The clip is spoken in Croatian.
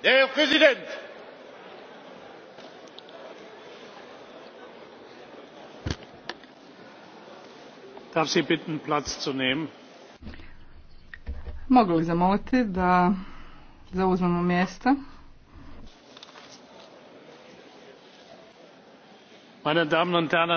Herr Präsident! Darf Sie bitten, Platz zu nehmen? Mogu li zamoliti da zauzmemo mjesta? Meine Damen und Herren,